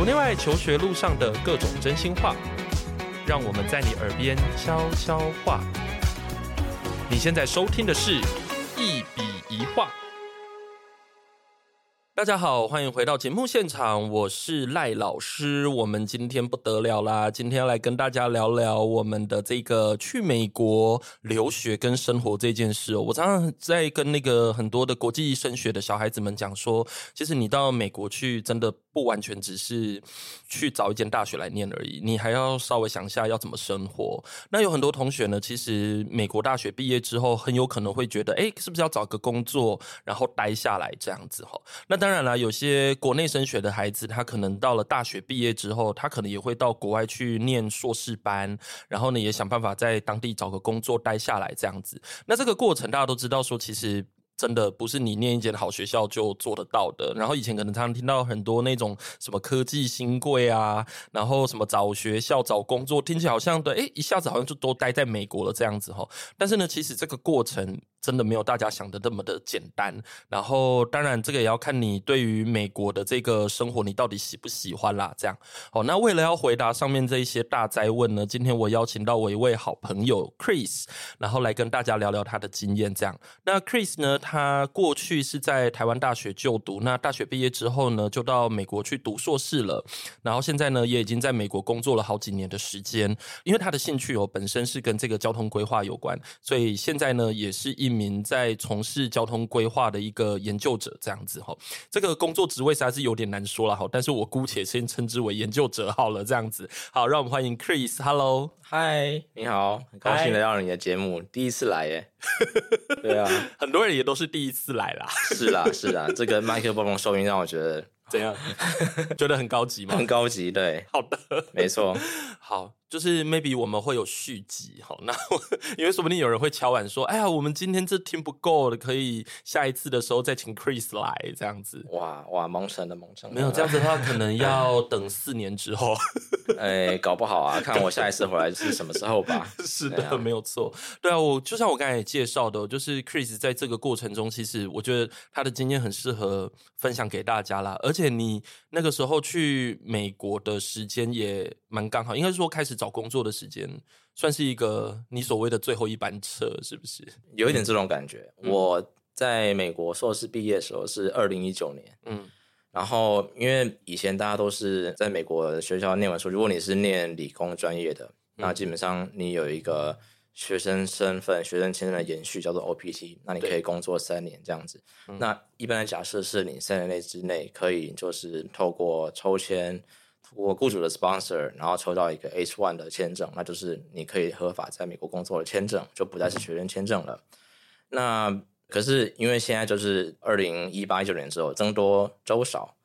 國內外求學路上的各種真心話，讓我們在你耳邊悄悄話。你現在收聽的是《一筆一畫》。大家好，歡迎回到節目現場，我是賴老師。我們今天不得了啦！今天要來跟大家聊聊我們的這個去美國留學跟生活這件事哦。我常常在跟那個很多的國際升學的小孩子們講說，其實你到美國去，真的。不完全只是去找一間大學來念而已，你還要稍微想一下要怎麼生活。那有很多同學呢，其實美國大學畢業之後，很有可能會覺得，哎、欸，是不是要找個工作，然後待下來這樣子哈？那當然了，有些國內升學的孩子，他可能到了大學畢業之後，他可能也會到國外去念碩士班，然後呢，也想辦法在當地找個工作待下來這樣子。那這個過程，大家都知道說，其實。真的不是你念一間好學校就做得到的。然後以前可能常常聽到很多那種什麼科技新貴啊，然後什麼找學校找工作，聽起來好像對，誒，一下子好像就都待在美國了這樣子齁。但是呢，其實這個過程真的沒有大家想的那麼的簡單。然後當然這個也要看你對於美國的這個生活你到底喜不喜歡啦、啊。這樣哦，那為了要回答上面這一些大哉問呢，今天我邀請到我一位好朋友 Chris，然後來跟大家聊聊他的經驗。這樣，那 Chris 呢？他過去是在台灣大學就讀，那大學畢業之後呢，就到美國去讀碩士了。然後現在呢，也已經在美國工作了好幾年的時間。因為他的興趣哦，本身是跟這個交通規劃有關，所以現在呢，也是一名在從事交通規劃的一個研究者，這樣子哈、哦。這個工作職位實在是有點難說了哈，但是我姑且先稱之為研究者好了，這樣子。好，讓我們歡迎 Chris Hello。Hello，Hi，你好，很高興來到你的節目，Hi 第一次來耶。 對啊， 很多人也都是第一次來啦，是啦是啦，這個麥克風收音讓我覺得怎樣？ 覺得很高級嗎？很高級，對，好的，沒錯，好。就是 maybe 我們會有續集哈，那因為說不定有人會敲碗說，哎呀，我們今天這聽不夠了，可以下一次的時候再請 Chris 來這樣子。哇哇，蒙城的蒙城，沒有這樣子的話，可能要等四年之後。哎、 欸，搞不好啊， 看我下一次回來是什麼時候吧。 是的，啊、沒有錯。對啊，我就像我剛才也介紹的，就是 Chris 在這個過程中，其實我覺得他的經驗很適合分享給大家啦。而且你那個時候去美國的時間也蠻剛好，應該說開始。找工作的時間算是一個你所謂的最後一班車，是不是？有一點這種感覺。嗯、我在美國碩士畢業的時候是二零一九年，嗯，然後因為以前大家都是在美國學校念完書，如果你是念理工專業的，嗯、那基本上你有一個學生身份、嗯、學生簽證的延續，叫做 OPT，那你可以工作三年這樣子。對那一般的假設是你三年內之內可以，就是透過抽籤。我雇主的 sponsor，然後抽到一個 H one 的簽證，那就是你可以合法在美國工作的簽證，就不再是學生簽證了。那可是因為現在就是二零一八一九年之後，僧多粥少。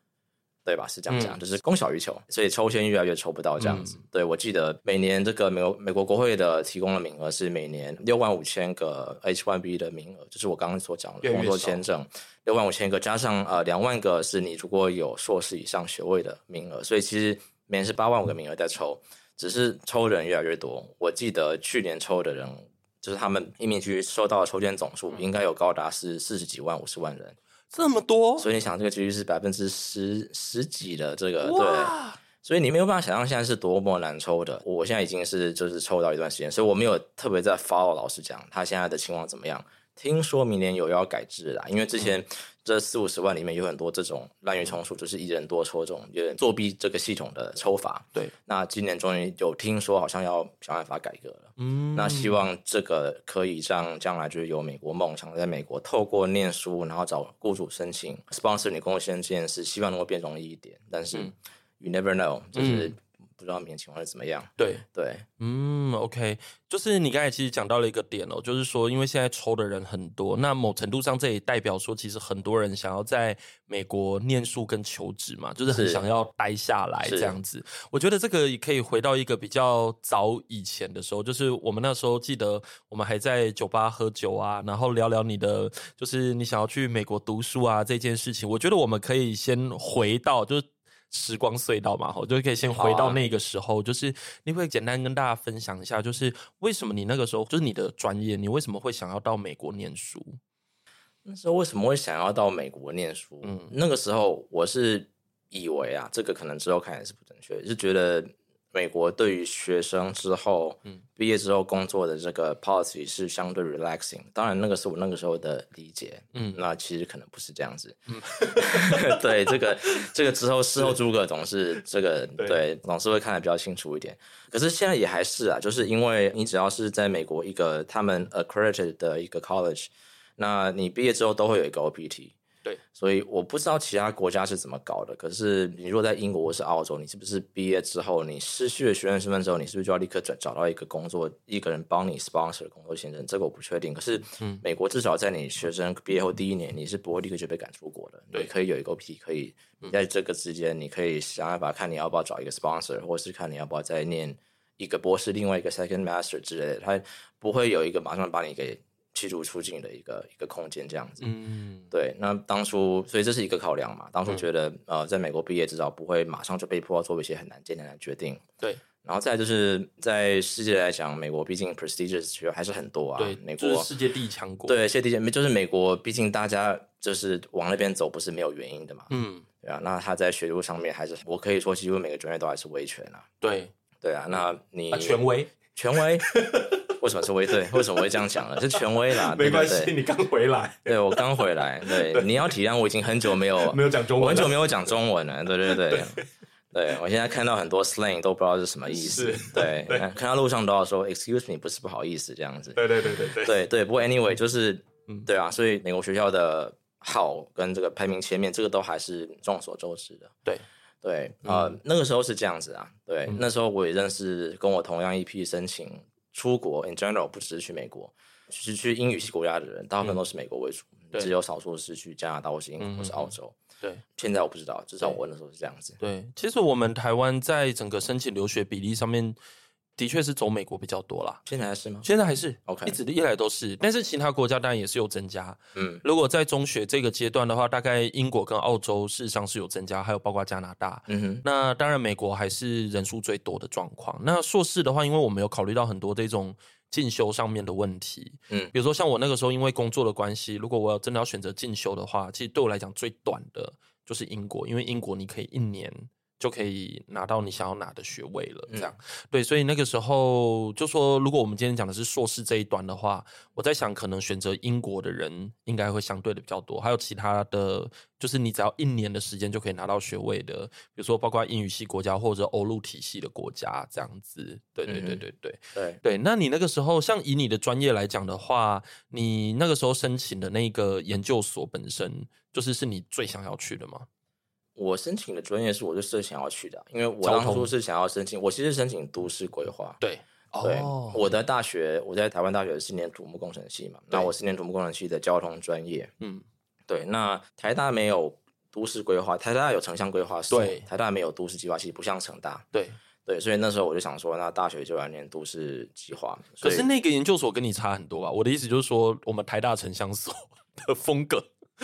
對吧？是這樣講，嗯、就是供小於求，所以抽籤越來越抽不到這樣子。嗯、對我記得，每年這個美國美國國會的提供的名額是每年六萬五千個 H-1B 的名額，這、就是我剛剛所講的工作簽證越越六萬五千個，加上呃兩萬個是你如果有碩士以上學位的名額，所以其實每年是八萬五個名額在抽，嗯、只是抽的人越來越多。我記得去年抽的人，就是他們移民局收到的抽籤總數應該有高達是四十幾萬、嗯、五十萬人。這麼多，所以你想這個幾率是百分之十十幾的這個，哇對，所以你沒有辦法想象現在是多麼難抽的。我現在已經是就是抽到一段時間，所以我沒有特別在 follow 老師講，他現在的情況怎麼樣。聽說明年有要改制的，因為之前。這四五十萬裡面有很多這種濫竽充數，就是一人多抽中，有點作弊這個系統的抽法。對，那今年終於有聽說，好像要想辦法改革了。嗯，那希望這個可以讓將來就是有美國夢，想在美國透過念書，然後找雇主申請 sponsor 你工作簽證，是希望能夠變容易一點。但是、嗯、，you never know，就是、嗯。不知道明天情況會怎麼樣。對對，對，嗯，OK，就是你剛才其實講到了一個點哦，就是說，因為現在抽的人很多，那某程度上這也代表說，其實很多人想要在美國念書跟求職嘛，就是很想要待下來這樣子。我覺得這個也可以回到一個比較早以前的時候，就是我們那時候記得，我們還在酒吧喝酒啊，然後聊聊你的，就是你想要去美國讀書啊這件事情。我覺得我們可以先回到就是。時光隧道嘛，我就可以先回到那個時候。啊、就是你會簡單跟大家分享一下，就是為什麼你那個時候，就是你的專業，你為什麼會想要到美國念書？那時候為什麼會想要到美國念書？嗯，那個時候我是以為啊，這個可能之後看來是不準確，是覺得，美國對於學生之後，嗯，畢業之後工作的這個 policy 是相對 relaxing。當然，那個是我那個時候的理解，嗯，那其實可能不是這樣子。嗯、 對，這個這個之後事 後諸葛總是這個對，對，總是會看得比較清楚一點。可是現在也還是啊，就是因為你只要是在美國一個他們 accredited 的一個 college，那你畢業之後都會有一個 OPT。對，所以我不知道其他國家是怎麼搞的。可是，你如果在英國或是澳洲，你是不是畢業之後你失去了學生身份之後，你是不是就要立刻找找到一個工作，一個人幫你 sponsor 工作簽證？這個我不確定。可是，美國至少在你學生畢業後第一年，你是不會立刻就被趕出國的。對、嗯，你可以有一個 P，可以在這個之間，你可以想辦法看你要不要找一個 sponsor，或是看你要不要再念一個博士，另外一個 second master 之類的。他不會有一個馬上把你給。企圖出境的一個一個空間這樣子，嗯，對。那當初，所以這是一個考量嘛。當初覺得，嗯、呃，在美國畢業至少不會馬上就被迫要做一些很難艱難的決定。對。然後再就是，在世界來講，美國畢竟 prestigious 學校還是很多啊。對，美國就是世界第一強國。對，世界第一，就是美國，畢竟大家就是往那邊走，不是沒有原因的嘛。嗯。對啊，那他在學術上面還是，我可以說幾乎每個專業都還是維權啊。對對啊，那你權威、啊、權威。權威 為什麼是微罪？為什麼我會這樣講呢？是權威啦。沒關係，你剛回來，對，我剛回來，對，你要體諒，我已經很久沒有沒有講中文，很久沒有講中文了，對對對對，我現在看到很多 slang 都不知道是什麼意思，對，看到路上都要說 excuse me 不是不好意思這樣子，對對對對對對，不過 anyway 就是，對啊，所以美國學校的好跟這個排名前面，這個都還是眾所周知的，對對啊，那個時候是這樣子啊，對，那時候我也認識跟我同樣一批申請。出國 in general 不只是去美國，其實去英語系國家的人，大部分都是美國為主，嗯、只有少數是去加拿大或是英國或、嗯嗯、是澳洲。對，現在我不知道，至少我問的時候是這樣子。對。對，其實我們台灣在整個申請留學比例上面，的確是走美國比較多啦。現在還是嗎？現在還是 OK，一直以來都是，但是其他國家當然也是有增加。嗯，如果在中學這個階段的話，大概英國跟澳洲事實上是有增加，還有包括加拿大。嗯哼，那當然美國還是人數最多的狀況。那碩士的話，因為我們有考慮到很多這種進修上面的問題。嗯，比如說像我那個時候因為工作的關係，如果我要真的要選擇進修的話，其實對我來講最短的就是英國，因為英國你可以一年。就可以拿到你想要拿的學位了，這樣、嗯、對，所以那個時候就說，如果我們今天講的是碩士這一段的話，我在想，可能選擇英國的人應該會相對的比較多，還有其他的，就是你只要一年的時間就可以拿到學位的，比如說包括英語系國家或者歐陸體系的國家這樣子。對對對對對對、嗯、對，對。那你那個時候，像以你的專業來講的話，你那個時候申請的那個研究所本身就是是你最想要去的嗎？我申請的專業是我就是想要去的，因為我當初是想要申請，我其實申請都市規劃。對，對哦，我的大學，我在台灣大學是念土木工程系嘛，對那我是念土木工程系的交通專業。嗯，對，那台大沒有都市規劃，台大有城鄉規劃是，對，台大沒有都市計劃系，不像成大。對，對，所以那時候我就想說，那大學就來念都市計劃。可是那個研究所跟你差很多啊！我的意思就是說，我們台大城鄉所的風格。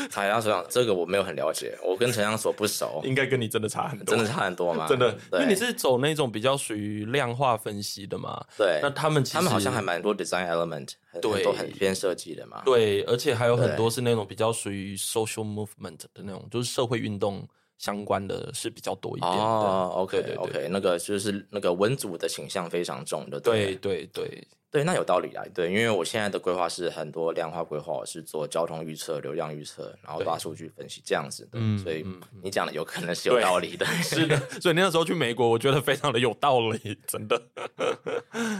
海洋所，這個我沒有很了解，我跟城鄉所不熟， 應該跟你真的差很多，真的差很多嗎？ 真的。對因為你是走那種比較屬於量化分析的嘛，對。那他們其實他們好像還蠻多 design element，很對都很偏設計的嘛，對。而且還有很多是那種比較屬於 social movement 的那種，對就是社會運動相關的是比較多一點的。啊，OK OK，那個就是那個文組的形象非常重的，哦、對對對。對，那有道理啊！對，因為我現在的規劃是很多量化規劃，我是做交通預測、流量預測，然後大數據分析這樣子的。對所以你講的有可能是有道理的，是的。所以那時候去美國，我覺得非常的有道理，真的。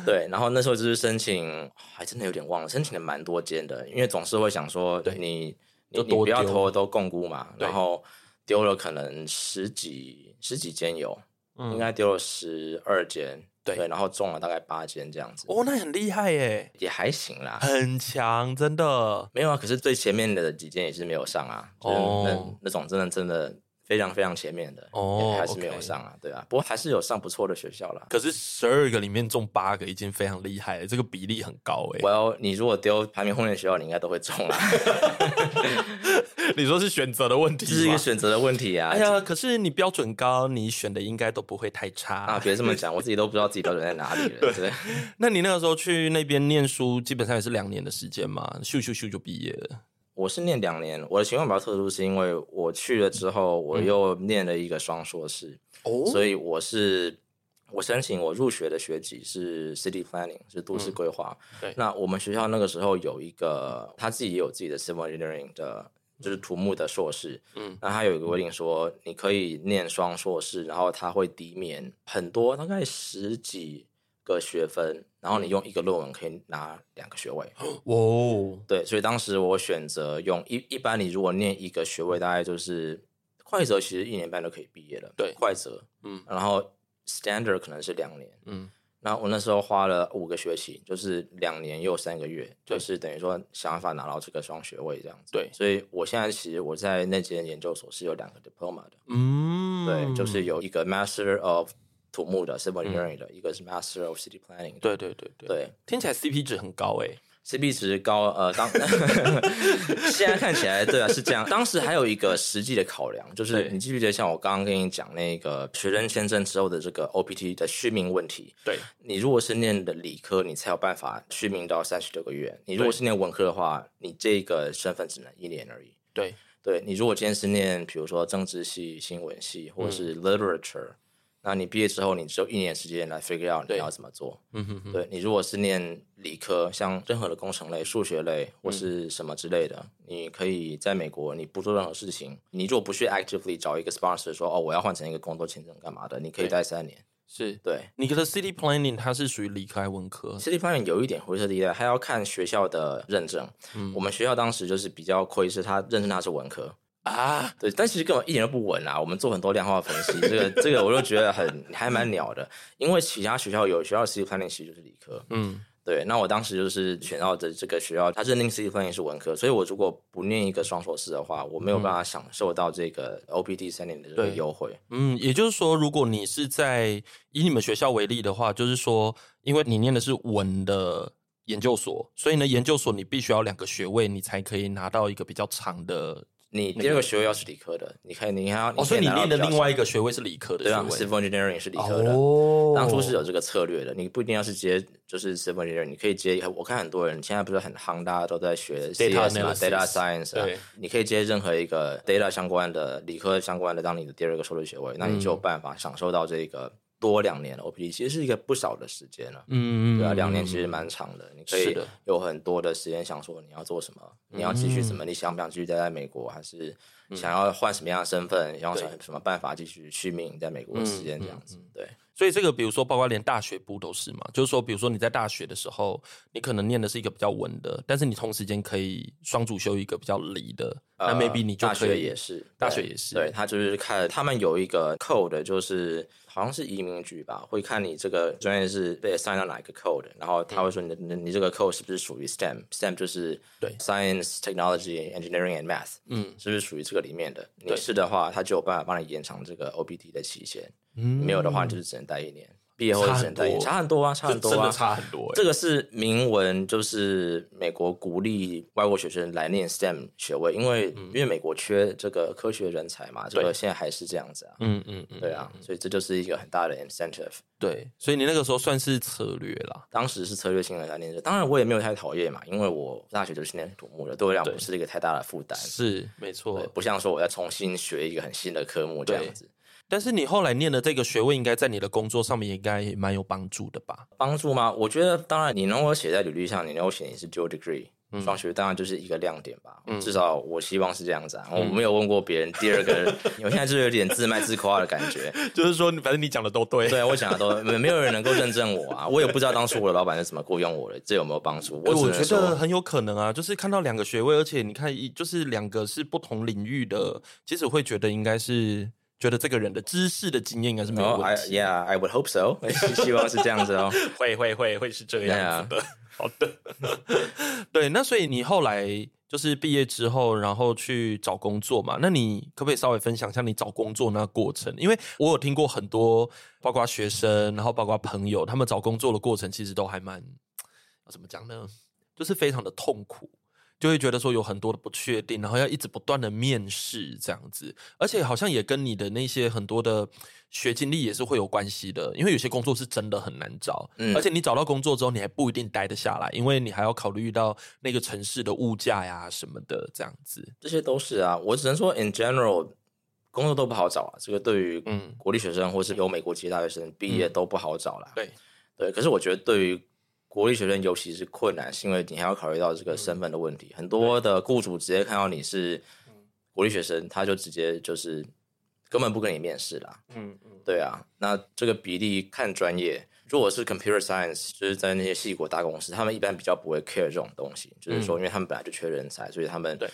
對，然後那時候就是申請，哦、還真的有點忘了，申請了蠻多間的，因為總是會想說你，對就多你你不要投都共估嘛，對然後丟了可能十幾十幾間有，嗯、應該丟了十二間。對，對，然後中了大概八間這樣子。哦，那很厲害耶。也還行啦。很強，真的。沒有啊，可是最前面的幾間也是沒有上啊。哦，就是那那種真的真的。非常非常前面的哦，oh, 還是沒有上啊，okay. 對啊？不過還是有上不錯的學校啦。可是十二個裡面中八個已經非常厲害了，這個比例很高欸。我要你如果丟排名後面的學校，你應該都會中啊。 你說是選擇的問題，這是一個選擇的問題啊。哎呀，可是你標準高，你選的應該都不會太差啊。別這麼講，我自己都不知道自己標準在哪裡了。 對，對 那你那個時候去那邊念書，基本上也是兩年的時間嘛，咻咻咻就畢業了。我是念兩年，我的情況比較特殊，是因為我去了之後，嗯、我又念了一個雙碩士，哦、所以我是我申請我入學的學籍是 City Planning，是都市規劃。嗯、那我們學校那個時候有一個對他自己也有自己的 Civil Engineering 的，就是土木的碩士。嗯，那他有一個規定說，你可以念雙碩士，嗯、然後他會抵免很多，大概十幾。個學分，然後你用一個論文可以拿兩個學位哦。對，所以當時我選擇用一一般，你如果念一個學位，大概就是快則其實一年半就可以畢業了。對，快則，嗯，然後 standard 可能是兩年，嗯，那我那時候花了五個學期，就是兩年又三個月，就是等於說想辦法拿到這個雙學位這樣子。對，對，所以我現在其實我在那間研究所是有兩個 diploma 的，嗯，對，就是有一個 master of。土木的，Civil Engineering 的一個是 Master of City Planning。對對對對，對聽起來 CP 值很高哎、欸、，CP 值高呃，當 現在看起來對啊是這樣。當時還有一個實際的考量，就是你記不記得像我剛剛跟你講那個學生簽證之後的這個 OPT 的續命問題？對你如果是念的理科，你才有辦法續命到三十六個月；你如果是念文科的話，你這個身份只能一年而已。對，對你如果今天是念比如說政治系、新聞系或者是 Literature、嗯。那你畢業之後，你只有一年時間來 figure out 你要怎麼做。嗯哼哼。對，你如果是念理科，像任何的工程類、數學類或是什麼之類的，嗯、你可以在美國你不做任何事情，你就不去 actively 找一個 sponsor 說，哦，我要換成一個工作簽證幹嘛的，對你可以待三年。是，對。你覺得 city planning 它是屬於理科還是文科？city planning 有一點灰色地帶，它要看學校的認證。嗯、我們學校當時就是比較虧是，它認證他是文科。啊，對，但其實根本一點都不文啊！我們做很多量化分析，這個這個我就覺得很 還蠻鳥的。因為其他學校有學校的 C planning 其實就是理科，嗯，對。那我當時就是選到的這個學校，他認定 C planning 是文科，所以我如果不念一個雙碩士的話，我沒有辦法享受到這個 OPT 三年的這個優惠。嗯，也就是說，如果你是在以你們學校為例的話，就是說，因為你念的是文的研究所，所以呢，研究所你必須要兩個學位，你才可以拿到一個比較長的。你第二個學位要是理科的。你看，你看，你哦，所以你念的另外一個學位是理科的，對吧？Civil engineering 是理科的，哦，當初是有這個策略的，你不一定要是接就是 civil engineering，你可以接，我看很多人現在不是很夯，大家都在學 data 嘛，data analysis，data science，對你可以接任何一個 data 相關的、理科相關的，當你的第二個碩士學位，那你就有辦法享受到這個。嗯多兩年了，OPT 其實是一個不少的時間了啊。嗯嗯，對啊，兩年其實蠻長的，嗯，你可以有很多的時間想說你要做什麼，的你要繼續什麼，嗯，你想不想繼續待在美國還是？想要換什麼樣的身份，想要什麼什麼辦法繼續續命在美國的時間這樣子，嗯、對。所以這個比如說，包括連大學部都是嘛，就是說，比如說你在大學的時候，你可能念的是一個比較文的，但是你同時間可以雙主修一個比較理的，那 maybe 你、呃、大學也是大學也是，對，也是對。他就是看他們有一個 code，就是好像是移民局吧，會看你這個專業是被塞到哪一個 code，然後他會說你、嗯、你這個 code 是不是屬於 STEM，STEM 就是對 Science Technology Engineering and Math，嗯，是不是屬於這個？裡面的你是的話，他對就有辦法幫你延長這個 OPT 的期限；嗯、沒有的話，就是只能待一年。差很多的差很多啊，差很多、啊差很多欸，這個是明文，就是美國鼓勵外國學生來念 STEM 學位，因為、嗯、因為美國缺這個科學人才嘛，這個對現在還是這樣子啊，嗯嗯，嗯對啊，嗯嗯、所以這就是一個很大的 incentive、嗯、對，所以你那個時候算是策略啦，當時是策略性的來念的，當然我也沒有太討厭嘛，因為我大學就是念土木的，對我來講不是一個太大的負擔，是沒錯，不像說我要重新學一個很新的科目這樣子。但是你後來念的這個學位，應該在你的工作上面應該蠻有幫助的吧？幫助嗎？我覺得當然，你能夠寫在履歷上，你能夠寫的也是 dual degree、嗯、雙學位，當然就是一個亮點吧。嗯、至少我希望是這樣子啊。我沒有問過別人，嗯、第二個 我現在就有點自賣自誇的感覺， 就是說，反正你講的都對。對，我講的都沒有人能夠認證我啊。 我也不知道當初我的老闆是怎麼僱傭我的，這有沒有幫助？欸、我覺得、欸、很有可能啊，就是看到兩個學位，而且你看，就是兩個是不同領域的，其實會覺得應該是。覺得這個人的知識的經驗應該是沒有問題的。Oh, I, yeah, I would hope so。希望是這樣子哦。 會會會會是這樣子的。Yeah. 好的。 對，那所以你後來就是畢業之後，然後去找工作嘛？那你可不可以稍微分享一下你找工作那過程？因為我有聽過很多，包括學生，然後包括朋友，他們找工作的過程其實都還蠻怎麼講呢？就是非常的痛苦。就會覺得說有很多的不確定，然後要一直不斷的面試這樣子，而且好像也跟你的那些很多的學經歷也是會有關係的，因為有些工作是真的很難找，嗯，而且你找到工作之後，你還不一定待得下來，因為你還要考慮到那個城市的物價呀、啊、什麼的這樣子，這些都是啊，我只能說 in general 工作都不好找啊，這個對於嗯國立學生或是有美國籍大學生畢業都不好找了，嗯、對對，可是我覺得對於。國際學生尤其是困難，是因為你還要考慮到這個身份的問題。很多的雇主直接看到你是國際學生，他就直接就是根本不跟你面試了，嗯。嗯，對啊。那這個比例看專業，如果是 Computer Science，就是在那些矽谷大公司，他們一般比較不會 care 這種東西，就是說，因為他們本來就缺人才，所以他們對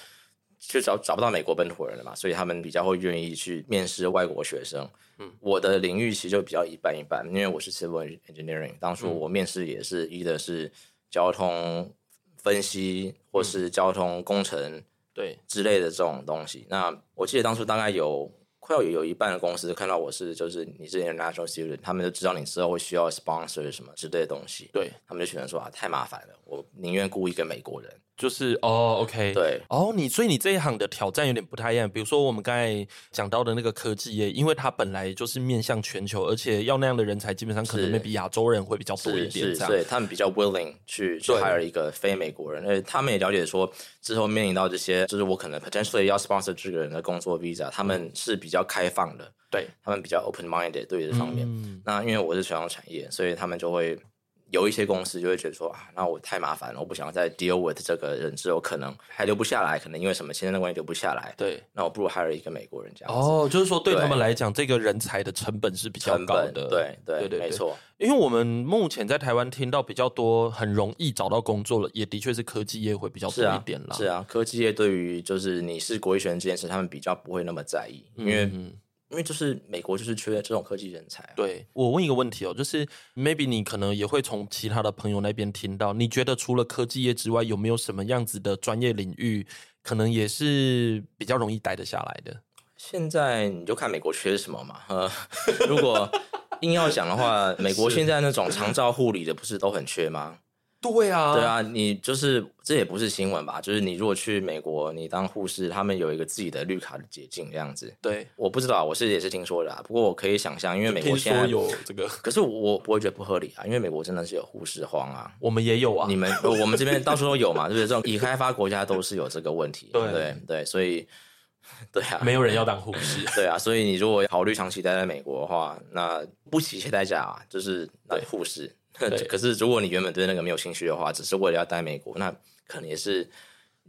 就找找不到美國本土人了嘛，所以他們比較會願意去面試外國學生。嗯，我的領域其實就比較一半一半，因為我是 civil engineering，當初我面試也是 either 是交通分析或是交通工程對之類的這種東西。嗯、那我記得當初大概有快要有一半的公司看到我是就是你是 international student，他們就知道你之後會需要 sponsor 什麼之類的東西，對，他們就選擇說啊太麻煩了，我寧願僱一個美國人。就是哦、oh，OK，對，哦、oh，你所以你這一行的挑戰有點不太一樣。比如說我們剛才講到的那個科技業，因為它本來就是面向全球，而且要那樣的人才，基本上可能那比亞洲人會比較多一點這樣是。是，是對，他們比較 willing 去對去 hire 一個非美國人。而他們也了解說之後面臨到這些，就是我可能 potentially 要 sponsor 這個人的工作 visa，他們是比較開放的，對他們比較 open minded 對於這方面。嗯、那因為我是傳統產業，所以他們就會。有一些公司就會覺得說啊，那我太麻煩了，我不想要再 deal with 這個人，只有可能還留不下來，可能因為什麼簽證的關係留不下來。對，那我不如 hire 一個美國人這樣子。哦，就是說對他們來講，對這個人才的成本是比較高的。對對，對對對，沒錯。因為我們目前在台灣聽到比較多，很容易找到工作了，也的確是科技業會比較多一點了、啊。是啊，科技業對於就是你是國際學生這件事，他們比較不會那麼在意，嗯、因為。因為就是美國就是缺這種科技人才啊！對，我問一個問題哦，就是 maybe 你可能也會從其他的朋友那邊聽到，你覺得除了科技業之外，有沒有什麼樣子的專業領域，可能也是比較容易待得下來的？現在你就看美國缺什麼嘛。呃， 如果硬要講的話，美國現在那種長照護理的不是都很缺嗎？對啊，對啊，你就是這也不是新聞吧？就是你如果去美國，你當護士，他們有一個自己的綠卡的捷徑這樣子。對，我不知道、啊，我是也是聽說的、啊，不過我可以想象，因為美國現在有這個，可是我我不會覺得不合理啊，因為美國真的是有護士荒啊，我們也有啊，你們我，我們這邊到處都有嘛， 就是這種已開發國家都是有這個問題，對對、對，所以對啊，沒有人要當護士，對啊，所以你如果考慮長期待在美國的話，那不惜一切代價啊，就是當護士。可是，如果你原本對那個沒有興趣的話，只是為了要待美國，那可能也是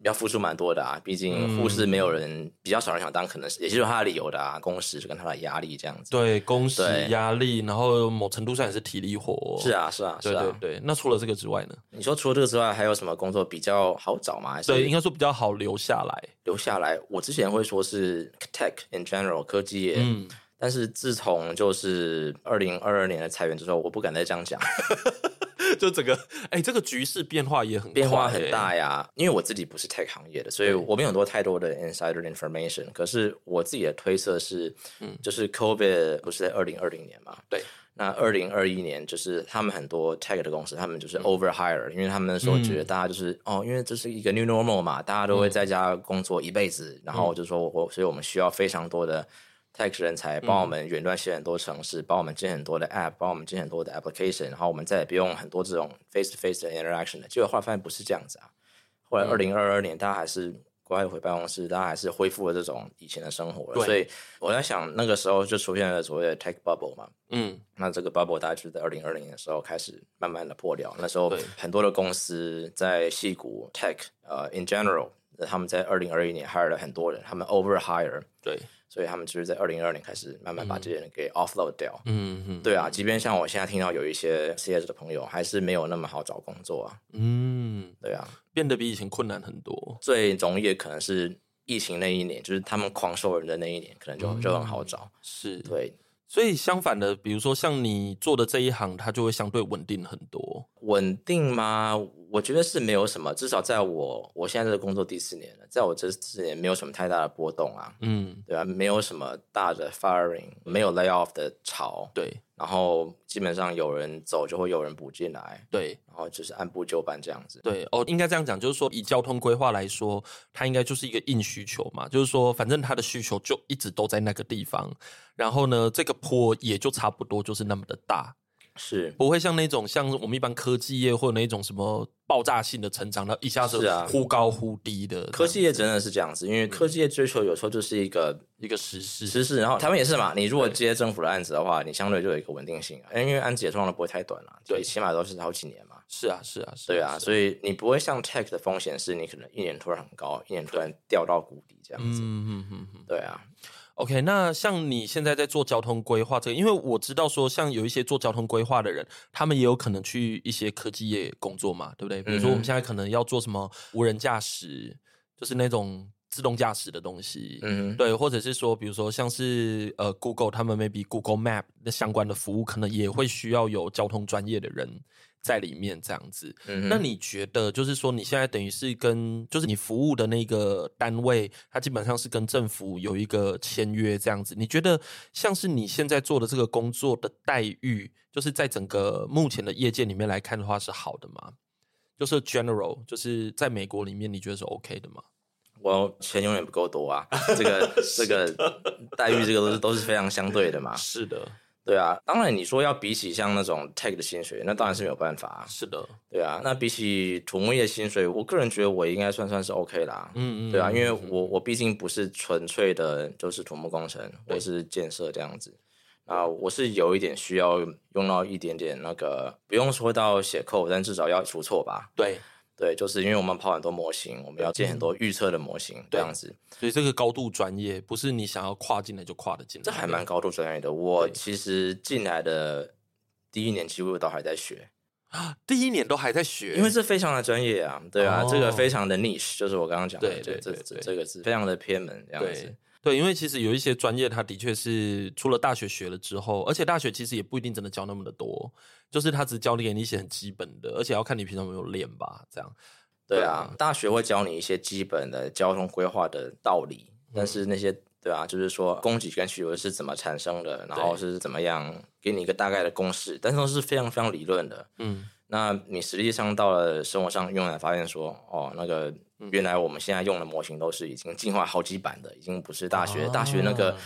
要付出蠻多的啊。畢竟護士沒有人、嗯、比較少人想當，可能也就是也有他的理由的啊。工時跟他的壓力這樣子。對，工時對壓力，然後某程度上也是體力活。是啊，是啊，對啊，對，對，對。啊、那除了這個之外呢？你說除了這個之外，還有什麼工作比較好找嗎？所以對，應該說比較好留下來，留下來。我之前會說是 tech in general 科技業，嗯。但是自從就是二零二二年的裁員之後，我不敢再這樣講。 就整個，哎、欸，這個局勢變化也很變化很大呀。嗯、因為我自己不是 tech 行業的，所以我沒有很多太多的 insider information。可是我自己的推測是，嗯，就是 COVID 不是在二零二零年嘛？嗯、對。那二零二一年，就是他們很多 tech 的公司，他們就是 over hire，因為他們說覺得大家就是、嗯、哦，因為這是一個 new normal 嘛，大家都會在家工作一輩子，嗯、然後我就說我，所以我們需要非常多的。Tech 人才幫我們遠端寫很多程式，幫、嗯、哼我們建很多的 App，幫我們建很多的 Application，然後我們再也不用很多這種 face to face 的 interaction 的，結果後來反而不是這樣子啊。後來二零二二年，大家還是乖乖回辦公室，大家還是恢復了這種以前的生活了，嗯、所以我在想，那個時候就出現了所謂的 Tech Bubble 嘛，嗯，那這個 Bubble 大家就在二零二零年的時候開始慢慢的破掉，那時候很多的公司在矽谷 Tech 呃、uh, in general。他們在二零二一年 hire 了很多人。他們 over hire，對，所以他們就是在二零二二年開始慢慢把這些人給 offload 掉。嗯，嗯，嗯，對啊，即便像我現在聽到有一些 CS 的朋友，還是沒有那麼好找工作啊。嗯，對啊，變得比以前困難很多。最容易可能是疫情那一年，就是他們狂收人的那一年，可能就就很好找。是、嗯，對。所以相反的，比如說像你做的這一行，它就會相對穩定很多。穩定嗎？我覺得是沒有什麼。至少在我我現在的工作第四年了，在我這四年沒有什麼太大的波動啊。嗯，對吧？沒有什麼大的 firing，沒有 lay off 的潮，對。然後基本上有人走就會有人補進來，對，然後就是按部就班這樣子。對，哦，應該這樣講，就是說以交通規劃來說，它應該就是一個硬需求嘛，就是說反正它的需求就一直都在那個地方，然後呢，這個坡也就差不多就是那麼的大。是不會像那種像我們一般科技業或者那種什麼爆炸性的成長，那一下子是忽高忽低的。啊、科技業真的是這樣子，因為科技業追求有時候就是一個、嗯、一個時勢，時，時，時，然後他們也是嘛，你如果接政府的案子的話，對你相對就有一個穩定性、啊，因為，因為案子也通常都不會太短了、啊，對，起碼都是好幾年嘛是、啊。是啊，是啊，對啊，啊所以你不會像 tech 的風險是，你可能一年突然很高，對一年突然掉到谷底這樣子。嗯嗯嗯嗯，對啊。OK，那像你現在在做交通規劃這個，因為我知道說，像有一些做交通規劃的人，他們也有可能去一些科技業工作嘛，對不對？比如說我們現在可能要做什麼無人駕駛，就是那種自動駕駛的東西，嗯，對，或者是說，比如說像是呃，Google，他們 maybe Google Map 的相關的服務，可能也會需要有交通專業的人。在裡面這樣子，嗯哼，那你覺得就是說，你現在等於是跟就是你服務的那個單位，它基本上是跟政府有一個簽約這樣子。你覺得像是你現在做的這個工作的待遇，就是在整個目前的業界裡面來看的話，是好的嗎？就是 general，就是在美國裡面，你覺得是 OK 的嗎？我錢永遠不夠多啊， 這個這個待遇，這個都是 都是非常相對的嘛。是的。對啊，當然你說要比起像那種 tech 的薪水，那當然是沒有辦法、啊、是的，對啊，那比起土木業薪水，我個人覺得我應該算算是 OK 啦。嗯嗯，嗯對啊，嗯、因為我我畢竟不是純粹的，就是土木工程或、嗯、是建設這樣子啊，我是有一點需要用到一點點那個，不用說到寫扣，但至少要出錯吧。對。對，就是因為我們跑很多模型，我們要建很多預測的模型，嗯、這樣子，所以這個高度專業，不是你想要跨進來就跨得進來。這還蠻高度專業的，我其實進來的第一年，幾乎都還在學，第一年都還在學，因為這非常的專業啊，對啊，哦、這個非常的 niche，就是我剛剛講的這這這個是，非常的偏門，這樣子對。對，因為其實有一些專業，他的確是除了大學學了之後，而且大學其實也不一定真的教那麼的多。就是他只教你給你一些很基本的，而且要看你平常有沒有練吧，這樣。對啊，大學會教你一些基本的交通規劃的道理，嗯、但是那些對啊，就是說供給跟需求是怎麼產生的，對然後是怎麼樣給你一個大概的公式，但是都是非常非常理論的。嗯，那你實際上到了生活上用來發現說，哦，那個原來我們現在用的模型都是已經進化好幾版的，已經不是大學、啊、大學那個。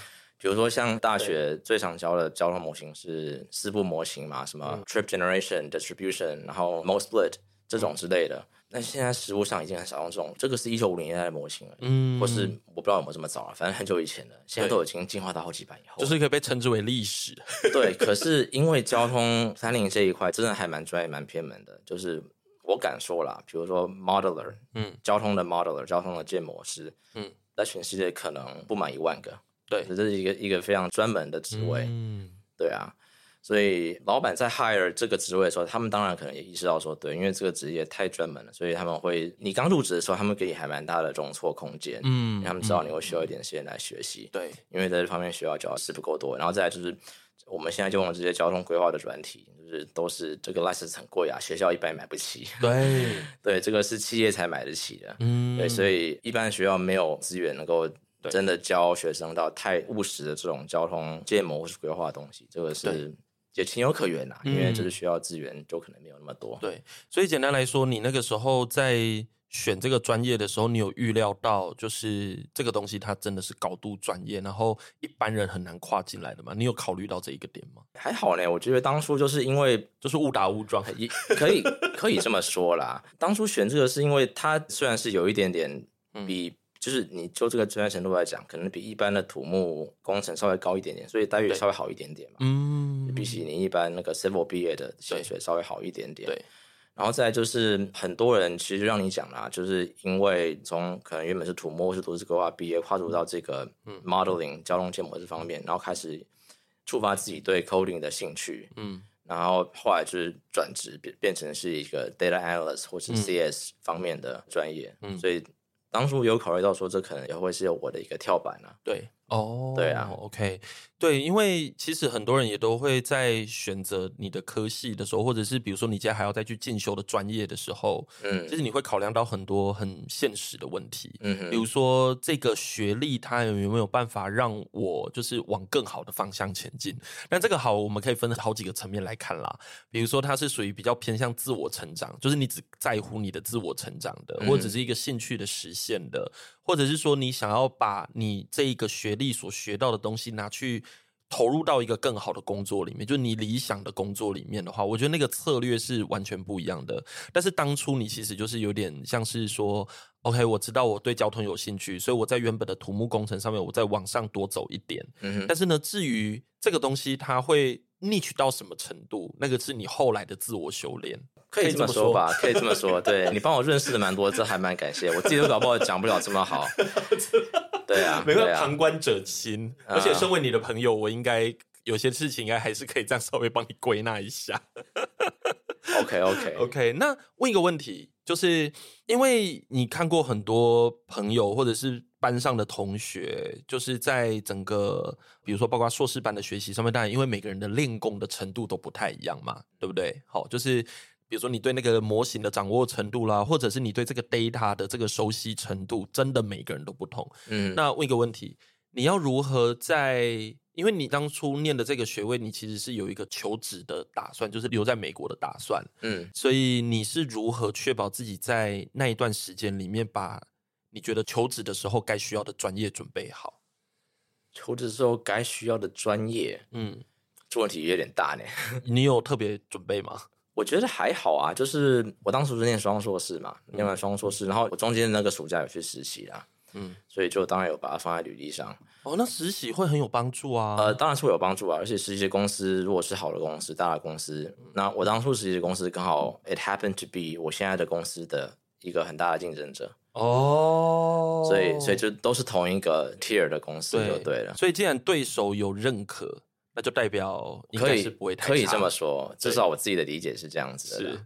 比如說，像大學最常教的交通模型是四步模型嘛？什麼 trip generation，嗯、distribution，然後 mode split 這種之類的。那，嗯、現在實務上已經很少用這種，這個是一九五零年代的模型而已，嗯，或是我不知道有沒有這麼早了，啊，反正很久以前的，現在都已經進化到好幾版以後，就是可以被稱之為歷史。對， 可是因為交通三零這一塊真的還蠻專業、蠻偏門的，就是我敢說啦，比如說 modeler，嗯，交通的 modeler，交通的建模師，嗯，在全世界可能不滿一萬個。對，這是一個一個非常專門的職位。嗯，對啊，所以老闆在 hire 這個職位的時候，他們當然可能也意識到說，對，因為這個職業太專門了，所以他們會，你剛入職的時候，他們給你還蠻大的容錯空間。嗯，他們知道你會需要一點時間來學習。嗯、對，對，因為在這方面學校教得不夠多。然後再來就是，我們現在就用這些交通規劃的軟體，就是都是這個 license 很貴啊，學校一般也買不起。對， 對，這個是企業才買得起的。嗯，對，所以一般學校沒有資源能夠。對真的教學生到太務實的這種交通建模規劃的東西，這個是也情有可原吶、啊，嗯、因為就是需要資源，就可能沒有那麼多。對，所以簡單來說，你那個時候在選這個專業的時候，你有預料到就是這個東西它真的是高度專業，然後一般人很難跨進來的嘛？你有考慮到這一個點嗎？還好呢，我覺得當初就是因為就是誤打誤撞，可以可以這麼說啦。 當初選這個是因為它雖然是有一點點比、嗯。就是你就這個專業程度來講，可能比一般的土木工程稍微高一點點，所以待遇稍微好一點點嘛。嗯對，比起你一般那個 civil 畢業的薪水稍微好一點點。對，然後再就是很多人其實讓你講啦、啊，就是因為從可能原本是土木或是都市規劃畢業，跨入到這個 modeling、嗯、交通建模這方面，然後開始觸發自己對 coding 的興趣。嗯，然後後來就是轉職變變成是一個 data analyst 或是 CS、嗯、方面的專業。嗯，所以。當初有考慮到說，這可能也會是有我的一個跳板啊，對。哦，oh, 對啊，OK，對，因為其實很多人也都會在選擇你的科系的時候，或者是比如說你現在還要再去進修的專業的時候，嗯，就是你會考量到很多很現實的問題，嗯哼，比如說這個學歷它有沒有辦法讓我就是往更好的方向前進？但這個好，我們可以分好幾個層面來看啦，比如說它是屬於比較偏向自我成長，就是你只在乎你的自我成長的，或者是一個興趣的實現的。嗯或者是說，你想要把你這一個學歷所學到的東西拿去投入到一個更好的工作裡面，就你理想的工作裡面的話，我覺得那個策略是完全不一樣的。但是當初你其實就是有點像是說，OK，我知道我對交通有興趣，所以我在原本的土木工程上面，我再往上多走一點。嗯哼。但是呢，至於這個東西，它會 Niche 到什麼程度？那個是你後來的自我修煉，可以這麼說，可以這麼說吧？可以這麼說，對 你幫我認識的蠻多，這還蠻感謝。我自己都搞不好講不了這麼好， 對啊，每個、啊、旁觀者清。啊、而且身為你的朋友，我應該有些事情應該還是可以這樣稍微幫你歸納一下。 OK OK OK，那問一個問題，就是因為你看過很多朋友或者是。班上的同學就是在整個，比如說，包括碩士班的學習上面，當然，因為每個人的練功的程度都不太一樣嘛，對不對？好，就是比如說你對那個模型的掌握程度啦，或者是你對這個 data 的這個熟悉程度，真的每個人都不同。嗯，那問一個問題，你要如何在？因為你當初念的這個學位，你其實是有一個求職的打算，就是留在美國的打算。嗯，所以你是如何確保自己在那一段時間裡面把？你覺得求職的時候該需要的專業準備好？求職的時候該需要的專業，嗯，這個問題有點大呢。 你有特別準備嗎？我覺得還好啊，就是我當時是念雙碩士嘛，嗯、念完雙碩士，然後我中間那個暑假有去實習啦，嗯，所以就當然有把它放在履歷上。哦，那實習會很有幫助啊。呃，當然是會有幫助啊，而且實習公司如果是好的公司、大的公司，嗯、那我當初實習的公司剛好 it happened to be 我現在的公司的一個很大的競爭者。哦，oh, 所以所以就都是同一個 tier 的公司，對，就對了。所以既然對手有認可，那就代表應該是不會太可以，可以這麼說，對至少我自己的理解是這樣子的。是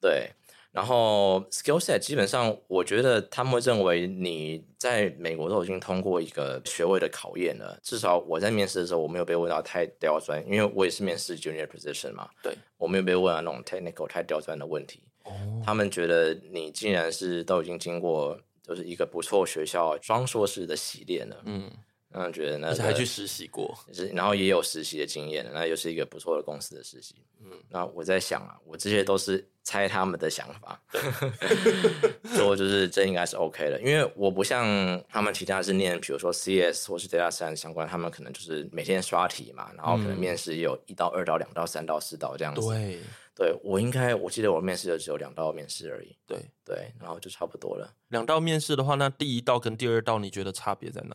對，然後 skill set 基本上，我覺得他們會認為你在美國都已經通過一個學位的考驗了。至少我在面試的時候，我沒有被問到太刁鑽，因為我也是面試 junior position 嘛。對，我沒有被問到那種 technical 太刁鑽的問題。哦。Oh, 他們覺得你既然是都已經經過就是一個不錯學校雙碩士的洗禮了，嗯，他們覺得那是，而且還去實習過，然後也有實習的經驗，嗯、那又是一個不錯的公司的實習，嗯，那我在想啊，我這些都是猜他們的想法，嗯、 說就是這應該是 OK 的，因為我不像他們其他是念，比如說 CS 或是 Data Science 相關，他們可能就是每天刷題嘛，然後可能面試也有一到二道、兩到三到四道這樣子。嗯、對。對，我應該，我記得我面試的時候兩道面試而已。對對，然後就差不多了。兩道面試的話，那第一道跟第二道你覺得差別在哪？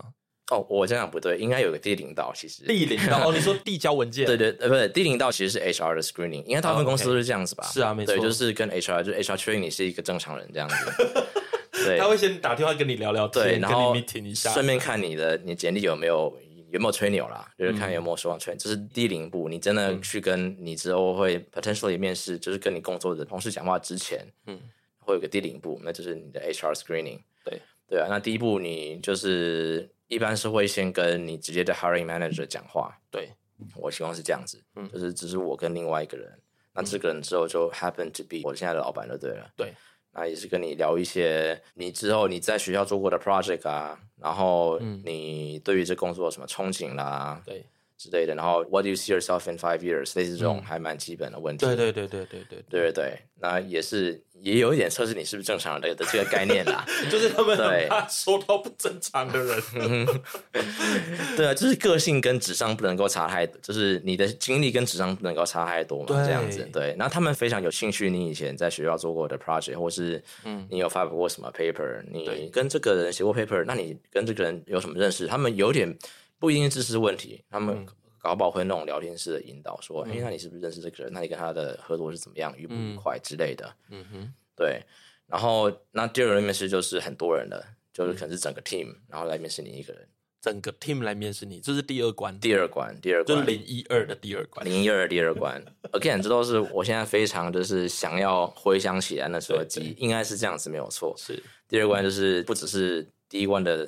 哦，我這樣不對，應該有個遞零道。其實遞零道， 哦，你說遞交文件？對對，呃，不是遞零道，其實是 H R 的 screening，應該大部分公司都是這樣子吧？哦 okay、是啊，沒錯對，就是跟 H R，就 H R 確認你是一個正常人這樣子。 對，他會先打電話跟你聊聊天，對,對，然後順便看你的你簡歷有沒有。有沒有吹牛啦？就是看有沒有說謊吹，嗯、這是第零步。你真的去跟你之後會 potentially 面試，就是跟你工作的同事講話之前，嗯，會有個第零步，那就是你的 HR screening 對，對對啊，那第一步你就是一般是會先跟你直接的 hiring manager 講話。對，我情況是這樣子嗯、就是只是我跟另外一個人，那這個人之後就 happen to be 我現在的老闆就對了。對。那、啊、也是跟你聊一些你之後你在學校做過的 project 啊，然後你對於這工作有什麼憧憬啦、啊嗯，對。之類的，然後 What do you see yourself in five years？類似這種還蠻基本的問題、嗯。對對對對對對對,對,對,對那也是也有一點測試你是不是正常人的, 的這個概念啦。 就是他們對怕說到不正常的人。 對啊，就是個性跟紙上不能夠差太，多，就是你的經歷跟紙上不能夠差太多嘛，對這樣子。對，然後他們非常有興趣你以前在學校做過的 project，或是嗯，你有發表過什麼 paper，你跟這個人寫過 paper，那你跟這個人有什麼認識？他們有點。不一定是知識問題，他們搞不好會那種聊天式的引導，說：“哎、嗯欸，那你是不是認識這個人？那你跟他的合作是怎麼樣，愉不愉快之類的。嗯”嗯哼，對。然後那第二輪面試就是很多人的，就是可能是整個 team、嗯、然後來面試你一個人。整個 team 來面試你，這是第二關。第二關，第二關，零一二的第二關，零一二的第二關。Again， 這都是我現在非常就是想要回想起來那時候的，對對對應該是這樣子沒有錯。是第二關，就是不只是第一關的。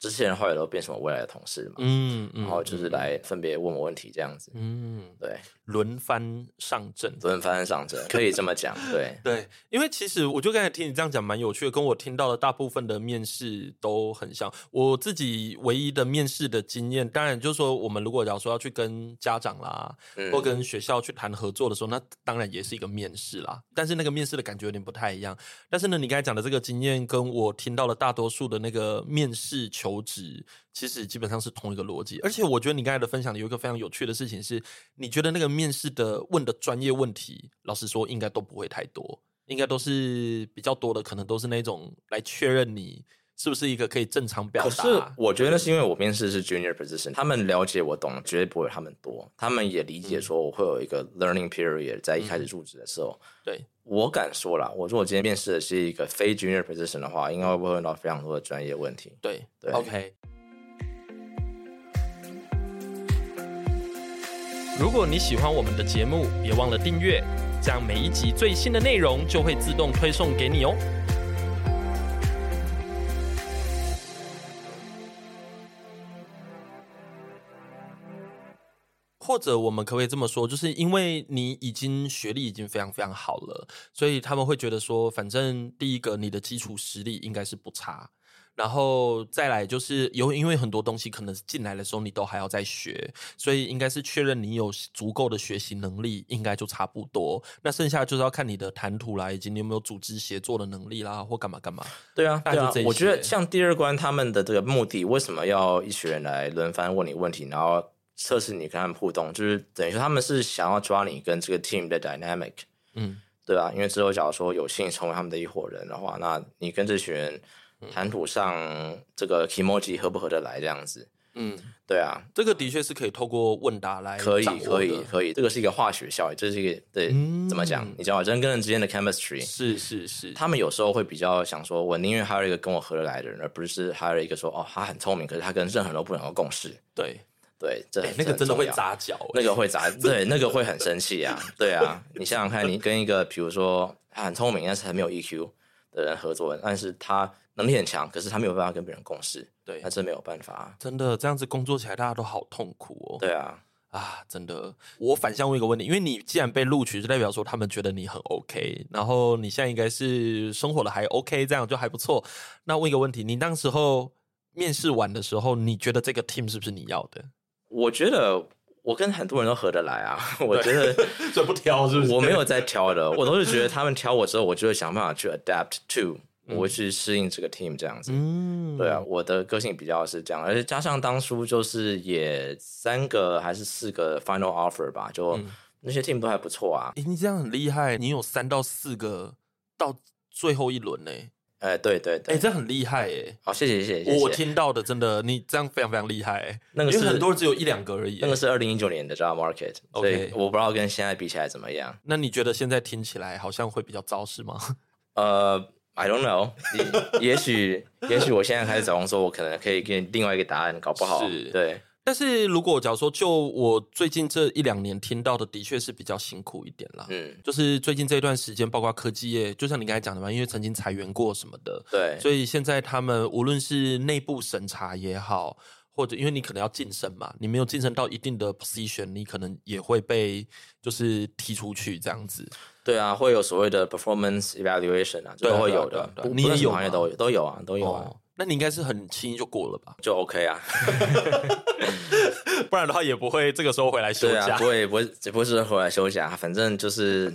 這些人後來都變成我未來的同事嘛，嗯，是嗯，然後就是來分別問我問題這樣子，嗯，對，輪番上陣，輪番上陣，可以這麼講， 對對，因為其實我就剛才聽你這樣講蠻有趣的，跟我聽到的大部分的面試都很像。我自己唯一的面試的經驗，當然就是說我們如果假如說要去跟家長啦，嗯、或跟學校去談合作的時候，那當然也是一個面試啦，嗯、但是那個面試的感覺有點不太一樣。但是呢，你剛才講的這個經驗跟我聽到的大多數的那個面試窮職，其實基本上是同一個邏輯，而且我覺得你剛才的分享有一個非常有趣的事情，是你覺得那個面試的問的專業問題，老實說應該都不會太多，應該都是比較多的，可能都是那種來確認你。是不是一個可以正常表達？可是我覺得是因為我面試是 junior position，對他們了解我懂，絕對不會他們多。他們也理解說我會有一個 learning period，在一開始入職的時候。嗯，對，我敢說啦。我說我今天面試的是一個非 junior position 的話，應該會不會問到非常多的專業問題？對，對，OK。如果你喜歡我們的節目，別忘了訂閱，這樣每一集最新的內容就會自動推送給你哦。或者我們可不可以這麼說？就是因為你已經學歷已經非常非常好了，所以他們會覺得說，反正第一個你的基礎實力應該是不差，然後再來就是有因為很多東西可能進來的時候你都還要再學，所以應該是確認你有足夠的學習能力，應該就差不多。那剩下就是要看你的談吐啦，以及你有沒有組織協作的能力啦，或幹嘛幹嘛。對啊，大家就這些啊。我覺得像第二關他們的這個目的，為什麼要一群人來輪番問你問題，然後？測試你跟他們互動，就是等於說他們是想要抓你跟這個 team 的 dynamic，嗯，對吧、啊？因為之後假如說有幸成為他們的一夥人的話，那你跟這群人談吐上這個 emoji 合不合得來？這樣子，嗯，對啊，這個的確是可以透過問答來的可以可以可以，這個是一個化學效應，這是一個對、嗯、怎麼講？你知道人跟人之間的 chemistry 是是是，他們有時候會比較想說，我寧願還有一個跟我合得來的人，而不是，是還有一個說哦，他很聰明，可是他跟任何人都不能夠共事，對。對，這、欸、那個真的會扎腳，那個會扎。真的 對，那個會很生氣啊！ 對啊，你想想看，你跟一個比如說很聰明但是很沒有 EQ 的人合作，但是他能力很強，可是他沒有辦法跟別人共事，對、啊，他是沒有辦法。真的，這樣子工作起來大家都好痛苦哦。對啊，啊，真的。我反向問一個問題，因為你既然被錄取，就代表說他們覺得你很 OK，然後你現在應該是生活的還 OK，這樣就還不錯。那問一個問題，你那時候面試完的時候，你覺得這個 team 是不是你要的？我覺得我跟很多人都合得來啊，我覺得這不挑是不是？我沒有在挑的，我都是覺得他們挑我之後，我就會想辦法去 adapt to，、嗯、我去適應這個 team 這樣子。嗯、對啊，我的個性比較是這樣，而且加上當初就是也三個還是四個 final offer 吧，就那些 team 都還不錯啊、嗯欸。你這樣很厲害，你有三到四個到最後一輪嘞、欸。哎、呃，對對對，哎、欸，這很厲害哎！好、哦，謝謝謝謝我聽到的真的，你這樣非常非常厲害。那個是因為很多人只有一兩個而已。那個是二零一九年的，知道 Market OK，我不知道跟現在比起來怎麼樣、嗯。那你覺得現在聽起來好像會比較糟是嗎？呃、uh,，I don't know， 也,也許也許我現在開始找工作，我可能可以給你另外一個答案，搞不好是對。但是如果我假如說就我最近這一兩年聽到的，的確是比較辛苦一點啦。嗯，就是最近這段時間，包括科技業，就像你剛才講的嘛，因為曾經裁員過什麼的，對，所以現在他們無論是內部審查也好，或者因為你可能要晉升嘛，你沒有晉升到一定的 position，你可能也會被就是踢出去這樣子。對啊，會有所謂的 performance evaluation 啊，就會有的，你也有、啊、都有都有啊，都有啊。哦那你應該是很輕易就過了吧？就 OK 啊， 不然的話也不會這個時候回來休假。不會、啊、不會，不,會也不會是回來休假，反正就是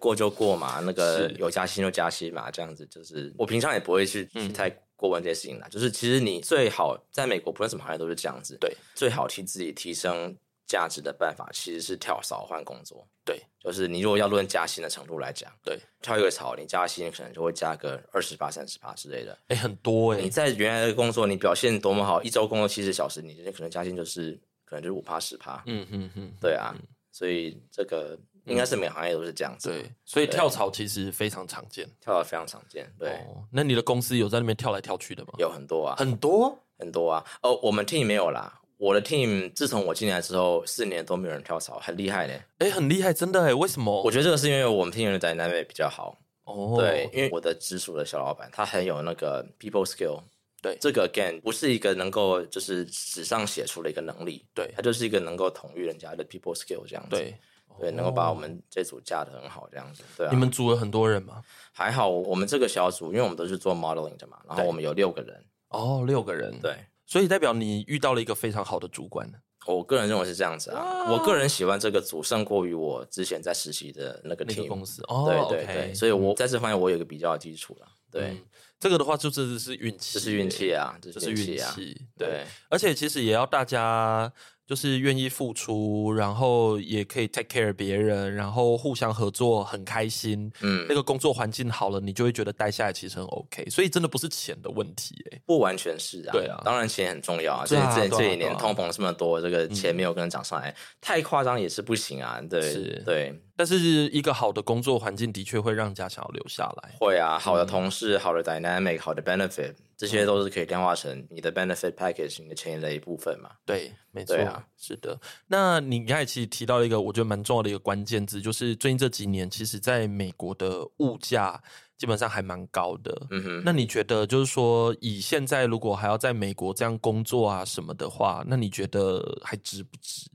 過就過嘛。那個有加薪就加薪嘛，這樣子就是我平常也不會去太過問這些事情、嗯、就是其實你最好在美國，不論什麼行業都是這樣子。對，最好替自己提升。價值的辦法其實是跳槽換工作，對，就是你如果要論加薪的程度來講，對，跳一個槽，你加薪可能就會加個二十趴、三十趴之類的，哎、欸，很多哎、欸。你在原來的工作，你表現多麼好，一周工作七十小時，你可能加薪就是可能就是五趴、十趴，嗯嗯對啊，所以這個應該是每個行業都是這樣子、嗯對，所以跳槽其實非常常見，跳槽非常常見，對。哦、那你的公司有在那邊跳來跳去的嗎？有很多啊，很多很多啊，哦，我們 team 沒有啦。我的 team 自從我進來之後，四年都沒有人跳槽，很厲害呢。哎，很厲害，真的誒。為什麼？我覺得這個是因為我們 team 的 dynamic 比較好哦。對，因為我的直屬的小老板他很有那個 people skill。對，這個 again 不是一個能夠就是紙上寫出的一個能力，對，他就是一個能夠統御人家的 people skill 這樣子。對，對，哦、能夠把我們這組架得很好這樣子。對啊，你們組了很多人嗎？還好，我們這個小組因為我們都是做 modeling 的嘛，然後我們有六個人對哦，六個人對。所以代表你遇到了一個非常好的主管。我個人認為是這樣子啊，Wow 我個人喜歡這個組勝過於我之前在實習的那個 team, 那個公司。Oh, 對對對，okay 所以我、嗯、在這方面我有一個比較的基礎了。對、嗯，這個的話就真的是運氣，這是運氣啊，這、就是運氣啊。氣。對，而且其實也要大家。就是願意付出，然後也可以 take care 別人，然後互相合作，很開心。嗯，那個工作環境好了，你就會覺得待下來其實很 OK，所以真的不是錢的問題，欸，哎，不完全是啊。對啊，當然錢很重要啊。啊這這、啊啊、這一年通膨這麼多，這個錢沒有跟人漲上來，啊啊、太誇張也是不行啊。對，是對。但是一個好的工作環境的確會讓人家想要留下來。會啊，好的同事、嗯、好的 dynamic、好的 benefit。這些都是可以量化成你的 benefit package，你的錢的一部分嘛。對，沒錯，對啊、是的。那你剛才其實提到一個我覺得蠻重要的一個關鍵字，就是最近這幾年其實在美國的物價基本上還蠻高的。嗯哼，那你覺得就是說，以現在如果還要在美國這樣工作啊什麼的話，那你覺得還值不值？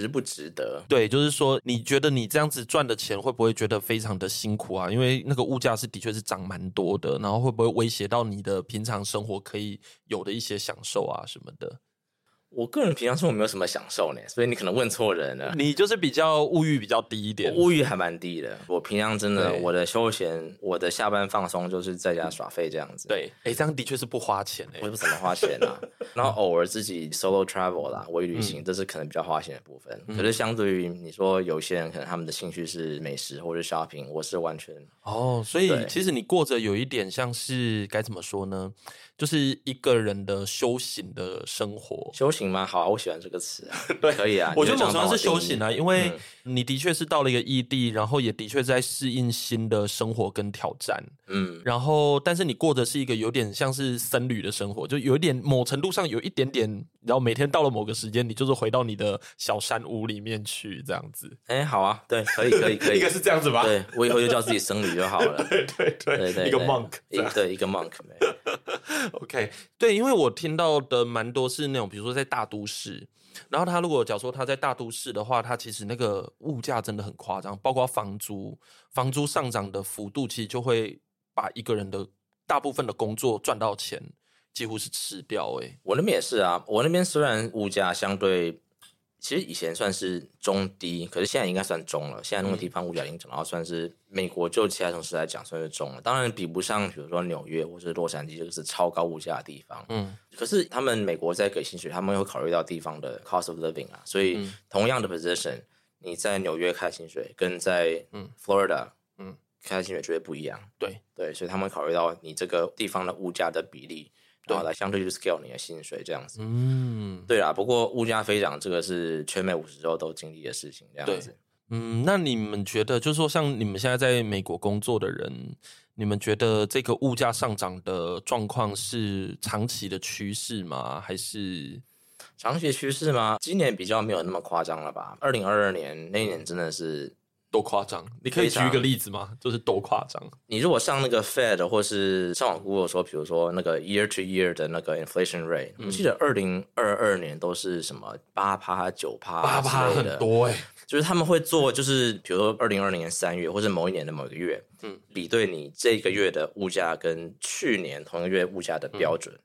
值不值得？對，就是說，你覺得你這樣子賺的錢會不會覺得非常的辛苦啊？因為那個物價是的確是漲蠻多的，然後會不會威脅到你的平常生活可以有的一些享受啊什麼的？我個人平常說我沒有什麼享受呢，所以你可能問錯人了。你就是比較物欲比較低一點是，是，物欲還蠻低的。我平常真的，我的休閒、對我的下班放鬆就是在家耍廢這樣子。對，哎，這樣的確是不花錢誒、欸，我不怎麼花錢啊。 然後偶爾自己 solo travel 啦，我旅行，嗯、這是可能比較花錢的部分。嗯、可是相對於你說，有些人可能他們的興趣是美食或者 shopping，我是完全哦。所以對其實你過着有一點像是該怎麼說呢？就是一個人的修行的生活，修行嗎？好啊，我喜歡這個詞啊。對，可以啊。我就想說是修行啊，因為你的確是到了一個異地，然後也的確在適應新的生活跟挑戰。嗯，然後但是你過的是一個有點像是僧侶的生活，就有一點某程度上有一點點，然後每天到了某個時間，你就是回到你的小山屋裡面去這樣子。哎，好啊，對，可以，可以，可以。應該是這樣子吧。對我以後就叫自己僧侶就好了。對對對對，一個 monk，一個一個 monk。 OK，對，因為我聽到的蠻多是那種，比如說在大都市，然後他如果假如說他在大都市的話，他其實那個物價真的很誇張，包括房租，房租上漲的幅度其實就會把一個人的大部分的工作賺到錢，幾乎是吃掉欸。哎，我那邊也是啊，我那邊雖然物價相對。其實以前算是中低，可是現在應該算中了。現在那個地方物價已經，嗯、然後算是美國就其他城市來講算是中了。當然比不上比如說紐約或者是洛杉磯，就是超高物價的地方。嗯，可是他們美國在給薪水，他們會考慮到地方的 cost of living 啊。所以同樣的 position，、嗯、你在紐約開薪水跟在 ida, 嗯 Florida，嗯開薪水絕對不一樣。嗯、對對，所以他們會考慮到你這個地方的物價的比例。然後來相對就 scale 你的薪水這樣子，嗯，對啦。嗯、不過物價飛漲，這個是全美五十州都經歷的事情，這樣子。嗯，那你們覺得，就是說，像你們現在在美國工作的人，你們覺得這個物價上漲的狀況是長期的趨勢嗎？還是長期趨勢嗎？今年比較沒有那麼誇張了吧？二零二二年那一年真的是。多誇張！你可以舉一個例子嗎？就是多誇張。你如果上那個 Fed 或是上網，Google 說，比如說那個 year to year 的那個 inflation rate，嗯、我記得二零二二年都是什麼八趴九趴，八趴很多，欸、就是他們會做，就是比如說二零二零年三月，或者某一年的某個月，嗯，比對你這個月的物價跟去年同一個月物價的標準。嗯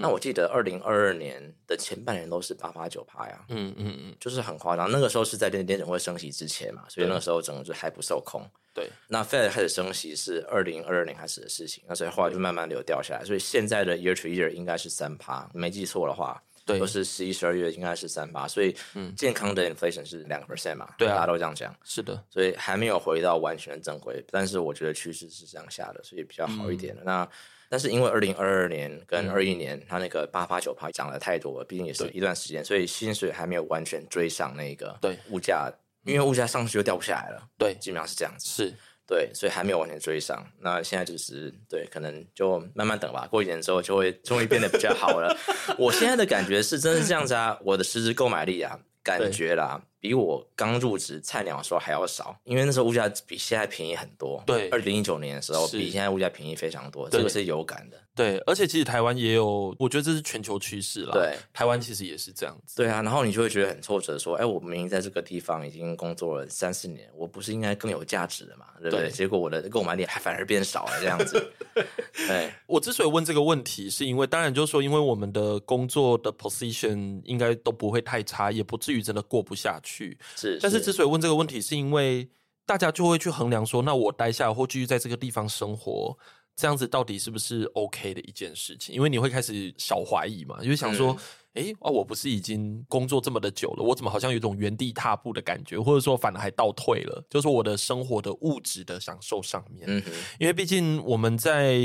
那我記得二零二二年的前半年都是八趴九趴呀，嗯嗯嗯，嗯嗯就是很誇張。那個時候是在聯準會升息之前嘛，所以那個時候整個就還不受控。對，那 Fed 開始升息是二零二二年開始的事情，那所以後來就慢慢流掉下來。所以現在的 year to year 應該是三趴，沒記錯的話，對，都是十一十二月應該是三趴。所以，嗯，健康的 inflation 是兩個 percent 嘛？對啊，大家都這樣講，是的。所以還沒有回到完全正軌，但是我覺得趨勢是這樣下的，所以比較好一點的。嗯、那。但是因為二零二二年跟二一年，嗯、它那個八八九八漲了太多了，畢竟也是一段時間，對所以薪水還沒有完全追上那個對物價，嗯、因為物價上去就掉不下來了，對，對，基本上是這樣子。是，對，所以還沒有完全追上。嗯、那現在就是對，可能就慢慢等吧。過一年之後就會終於變得比較好了。 我現在的感覺是真的是這樣子啊，我的實質購買力啊，感覺啦。比我剛入職菜鳥的時候還要少，因為那時候物價比現在便宜很多。對，二零一九年的時候比現在物價便宜非常多，對這個是有感的。對，而且其實台灣也有，我覺得這是全球趨勢了。對，台灣其實也是這樣子。對啊，然後你就會覺得很挫折，說：“哎，我明明在這個地方已經工作了三四年，我不是應該更有價值的嘛？對不對？對結果我的購買力還反而變少了這樣子。” 對。我之所以問這個問題，是因為當然就是說，因為我們的工作的 position 應該都不會太差，也不至於真的過不下去。去是，是但是之所以問這個問題，是因為大家就會去衡量說，那我待下或繼續在這個地方生活，這樣子到底是不是 OK 的一件事情？因為你會開始小懷疑嘛，因為想說，嗯、誒，啊，我不是已經工作這麼的久了，我怎麼好像有種原地踏步的感覺，或者說反而還倒退了？就是我的生活的物質的享受上面，嗯、哼因為畢竟我們在。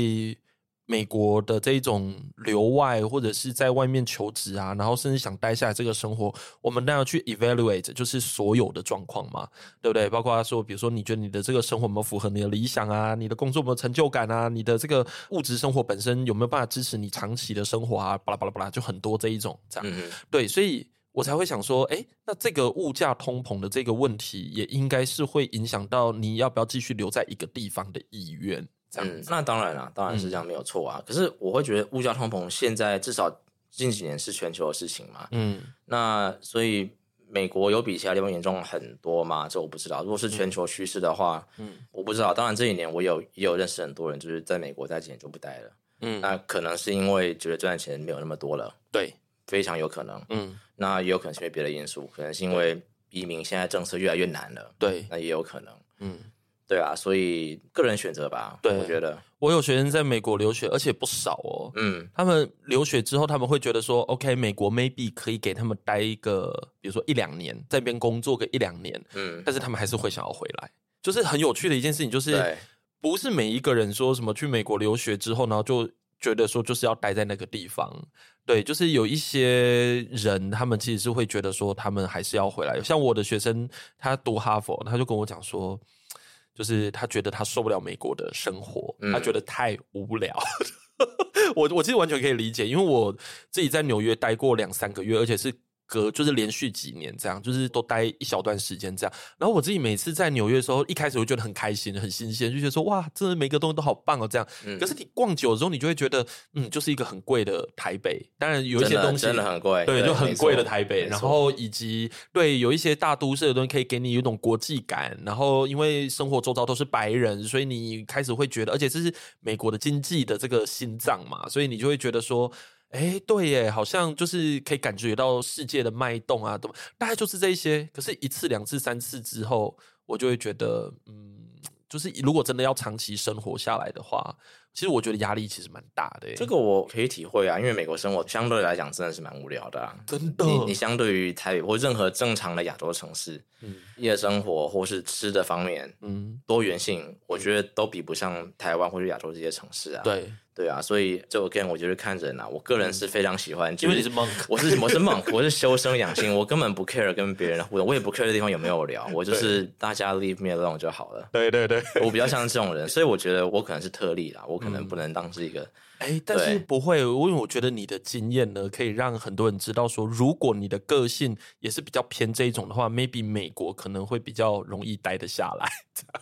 美國的這一種留外或者是在外面求職啊，然後甚至想待下來這個生活，我們都要去 evaluate，就是所有的狀況嘛，對不對？包括說，比如說，你覺得你的這個生活有沒有符合你的理想啊？你的工作有沒有成就感啊？你的這個物質生活本身有沒有辦法支持你長期的生活啊？巴拉巴拉巴拉，就很多這一種這樣，對，所以我才會想說，哎，那這個物價通膨的這個問題，也應該是會影響到你要不要繼續留在一個地方的意願。嗯，那當然了，當然是這樣沒有錯啊。嗯，可是我會覺得物價通膨現在至少近幾年是全球的事情嘛。嗯，那所以美國有比其他地方嚴重很多嗎？這我不知道。如果是全球趨勢的話，嗯，嗯，我不知道。當然這幾年我也有也有認識很多人，就是在美國待幾年就不待了。嗯，那可能是因為覺得賺錢沒有那麼多了。對，非常有可能。嗯，那也有可能是因為別的因素，可能是因為移民現在政策越來越難了。對，那也有可能。嗯。對啊，所以個人選擇吧。對，我覺得我有學生在美國留學，而且不少哦。嗯，他們留學之後，他們會覺得說，OK，美國 maybe 可以給他們待一個，比如說一兩年，在那邊工作個一兩年。嗯，但是他們還是會想要回來。嗯，就是很有趣的一件事情，就是對不是每一個人說什麼去美國留學之後，然後就覺得說就是要待在那個地方。對，就是有一些人，他們其實是會覺得說，他們還是要回來。像我的學生，他讀哈佛，他就跟我講說，就是他覺得他受不了美國的生活，嗯、他覺得太無聊。 我，我其實完全可以理解，因為我自己在紐約待過兩三個月，而且是。隔就是連續幾年這樣，就是都待一小段時間這樣。然後我自己每次在紐約的時候，一開始會覺得很開心、很新鮮，就覺得說哇，這每個東西都好棒哦這樣。嗯、可是你逛久之後，你就會覺得，嗯，就是一個很貴的台北。當然有一些東西真的，真的很貴，對，就很貴的台北。然後以及對有一些大都市的東西，可以給你有一種國際感。然後因為生活周遭都是白人，所以你開始會覺得，而且這是美國的經濟的這個心臟嘛，所以你就會覺得說。哎、欸，對耶，好像就是可以感覺到世界的脈動啊，都大概就是這些。可是，一次、兩次、三次之後，我就會覺得，嗯，就是如果真的要長期生活下來的話，其實我覺得壓力其實蠻大的。這個我可以體會啊，因為美國生活相對來講真的是蠻無聊的、啊，真的。你你相對於台北或任何正常的亞洲城市，嗯，夜生活或是吃的方面，嗯，多元性，我覺得都比不上台灣或是亞洲這些城市啊。對。對啊，所以這件跟我覺得看人吶、啊，我個人是非常喜歡，嗯就是、因為你是 monk，我是什麼我是 monk， 我是修身養性，我根本不 care 跟別人互動，我也不 care 這地方有沒有聊，我就是對大家 leave me alone 就好了。對對對，我比較像這種人，所以我覺得我可能是特例啦，我可能不能當是一個。哎、嗯，但是不會，對因為我覺得你的經驗呢，可以讓很多人知道說，如果你的個性也是比較偏這一種的話，maybe 美國可能會比較容易待得下來。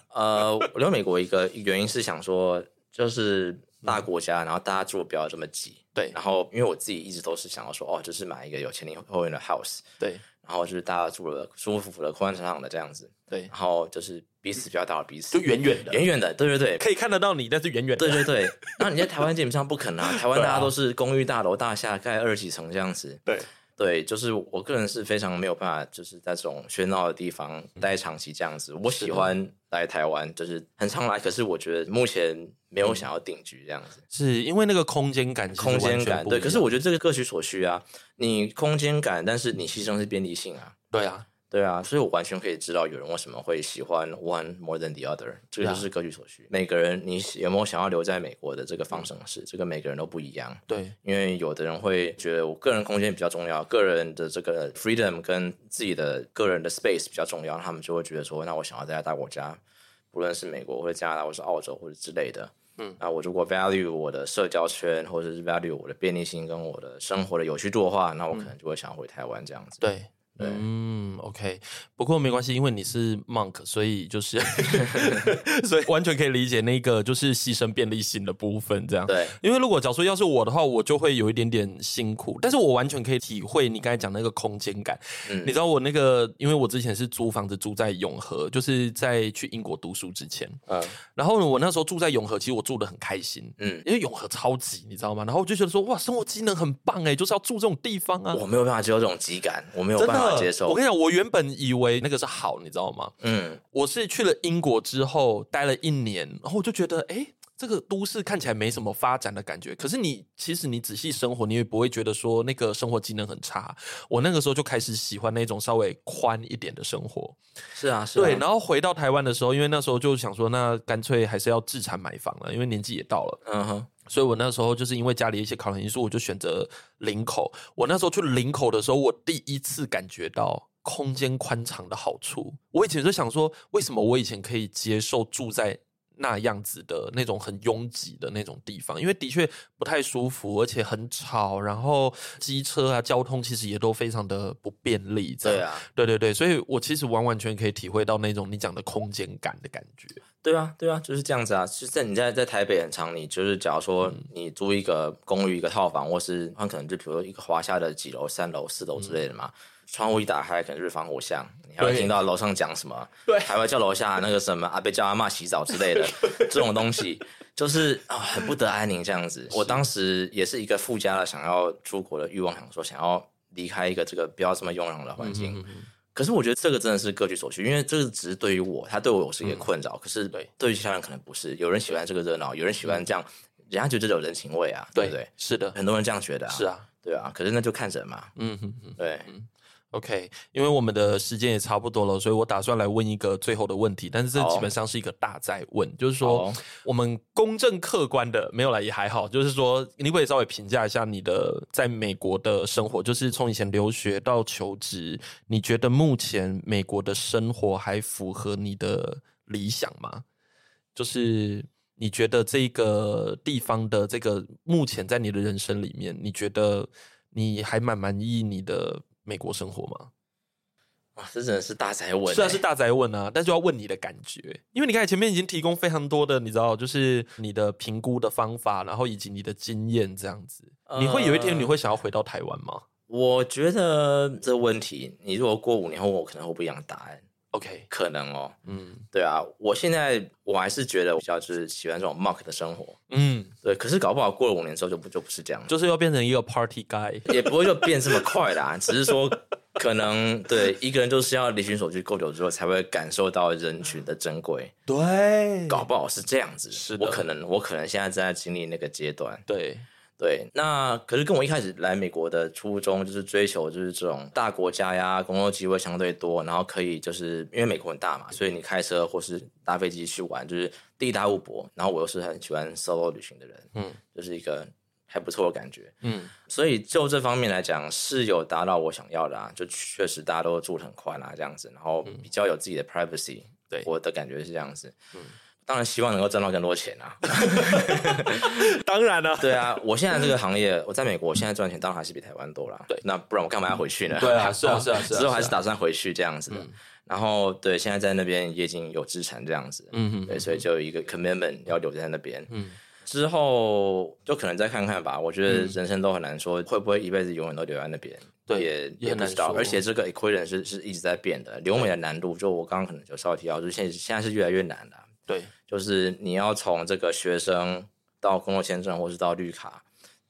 呃，我留美國一個原因是想說，就是。嗯、大國家，然後大家住不要這麼擠。對，然後因為我自己一直都是想要說，哦，就是買一個有前庭後院的 house。對，然後就是大家住的舒服舒服的、寬敞敞的這樣子。對，然後就是彼此比較到彼此，就遠遠的、遠遠的,的。對對對，可以看得到你，但是遠遠。對對對，那你在台灣基本上不可能啊！ 台灣大家都是公寓大樓大廈蓋二幾層這樣子。對。對，就是我個人是非常沒有辦法，就是在這種喧鬧的地方待長期這樣子。嗯、我喜歡來台灣，是的，就是很常來，可是我覺得目前沒有想要定居這樣子。嗯、是因為那個空間感，感，空間感，對。可是我覺得這個各取所需啊，你空間感，但是你犧牲是便利性啊。對啊。對啊，所以我完全可以知道有人為什麼會喜歡 one more than the other，這個就是各取所需。Yeah. 每個人你有沒有想要留在美國的這個方程式，這個每個人都不一樣。對，因為有的人會覺得我個人空間比較重要，個人的這個 freedom 跟自己的個人的 space 比較重要，他們就會覺得說，那我想要在大國家，不論是美國或者加拿大，或是澳洲或者之類的。嗯，那我如果 value 我的社交圈，或者是 value 我的便利性跟我的生活的有趣度的話，那我可能就會想要回台灣這樣子。嗯、對。對嗯，OK，不過沒關係，因為你是 monk，所以就是， 所以完全可以理解那個就是犧牲便利性的部分，這樣對。因為如果假如說要是我的話，我就會有一點點辛苦，但是我完全可以體會你剛才講那個空間感。嗯，你知道我那個，因為我之前是租房子住在永和，就是在去英國讀書之前，嗯，然後呢，我那時候住在永和，其實我住得很開心，嗯，因為永和超擠，你知道嗎？然後我就覺得說，哇，生活機能很棒哎，就是要住這種地方啊，我沒有辦法接受這種擠感，我沒有辦法。我跟你講，我原本以為那個是好，你知道嗎？嗯，我是去了英國之後待了一年，然後我就覺得，哎、欸，這個都市看起來沒什麼發展的感覺。可是你其實你仔細生活，你也不會覺得說那個生活機能很差。我那個時候就開始喜歡那種稍微寬一點的生活。是啊，是啊。對，然後回到台灣的時候，因為那時候就想說，那乾脆還是要置產買房了，因為年紀也到了。嗯哼。所以，我那時候就是因為家裡一些考量因素，我就選擇林口。我那時候去林口的時候，我第一次感覺到空間寬敞的好處。我以前就想說，為什麼我以前可以接受住在那樣子的那種很擁擠的那種地方？因為的確不太舒服，而且很吵，然後機車啊，交通其實也都非常的不便利。對啊，對對對，所以我其實完完全可以體會到那種你講的空間感的感覺。對啊，對啊，就是這樣子啊。就在你在在台北很常，你就是假如說你租一個公寓、嗯、一個套房，或是很可能就比如說一個華廈的幾樓、三樓、四樓之類的嘛，嗯、窗戶一打開，可能是防火牆，你還會聽到樓上講什麼，對還會叫樓下那個什麼對阿伯叫阿嬤洗澡之類的， 這種東西就是啊、哦，很不得安寧這樣子。是我當時也是一個附加了想要出國的欲望，想說想要離開一個這個不要這麼慵懶的環境。嗯嗯嗯可是我覺得這個真的是各取所需，因為這個只是對於我，他對我，我是一個困擾。嗯、可是對於其他人可能不是，有人喜歡這個熱鬧，有人喜歡這樣，嗯、人家覺得有人情味啊，對不對？對。是的，很多人這樣覺得啊。是啊，對啊。可是那就看人嘛，嗯嗯對嗯，對。OK，因為我們的時間也差不多了，所以我打算來問一個最後的問題。但是這基本上是一個大哉問，oh. 就是說、oh. 我們公正客觀的沒有來也還好。就是說，你可以稍微評價一下你的在美國的生活，就是從以前留學到求職，你覺得目前美國的生活還符合你的理想嗎？就是你覺得這個地方的這個目前在你的人生裡面，你覺得你還蠻滿意你的？美國生活嗎？哇，這真的是大哉問欸，雖然是大哉問啊，但是要問你的感覺，因為你看前面已經提供非常多的，你知道，就是你的評估的方法，然後以及你的經驗這樣子。你會有一天你會想要回到台灣嗎？嗯，我覺得這問題，你如果過五年後，我可能會不一樣的答案欸。OK，可能哦，嗯，對啊，我現在我還是覺得比較就是喜歡這種 mark 的生活，嗯，對。可是搞不好過了五年之後就不就不是這樣，就是要變成一個 party guy，也不會就變這麼快啦。 只是說可能對一個人就是要離群索居夠久之後才會感受到人群的珍貴。對，搞不好是這樣子，是的，我可能我可能現在正在經歷那個階段，對。對，那可是跟我一開始來美國的初衷就是追求，就是這種大國家呀，工作機會相對多，然後可以就是因為美國很大嘛，所以你開車或是搭飛機去玩，就是地大物博。然後我又是很喜歡 solo 旅行的人，嗯，就是一個還不錯的感覺，嗯。所以就這方面來講，是有達到我想要的啊，就確實大家都住很寬啊，這樣子，然後比較有自己的 privacy，對我的感覺是這樣子，嗯。當然希望能夠掙到更多錢啦！當然了，對啊，我現在這個行業，我在美國，我現在賺錢當然還是比台灣多啦。對，那不然我幹嘛要回去呢？對啊，是啊，是啊，之後還是打算回去這樣子的。然後對，現在在那邊也已經有資產這樣子，嗯，對，所以就有一個 commitment 要留在那邊。嗯，之後就可能再看看吧。我覺得人生都很難說會不會一輩子永遠都留在那邊。對，也也很難說。而且這個 equity 是是一直在變的，留美的難度，就我剛剛可能就稍微提到，就現現在是越來越難的。對，就是你要從這個學生到工作簽證，或是到綠卡，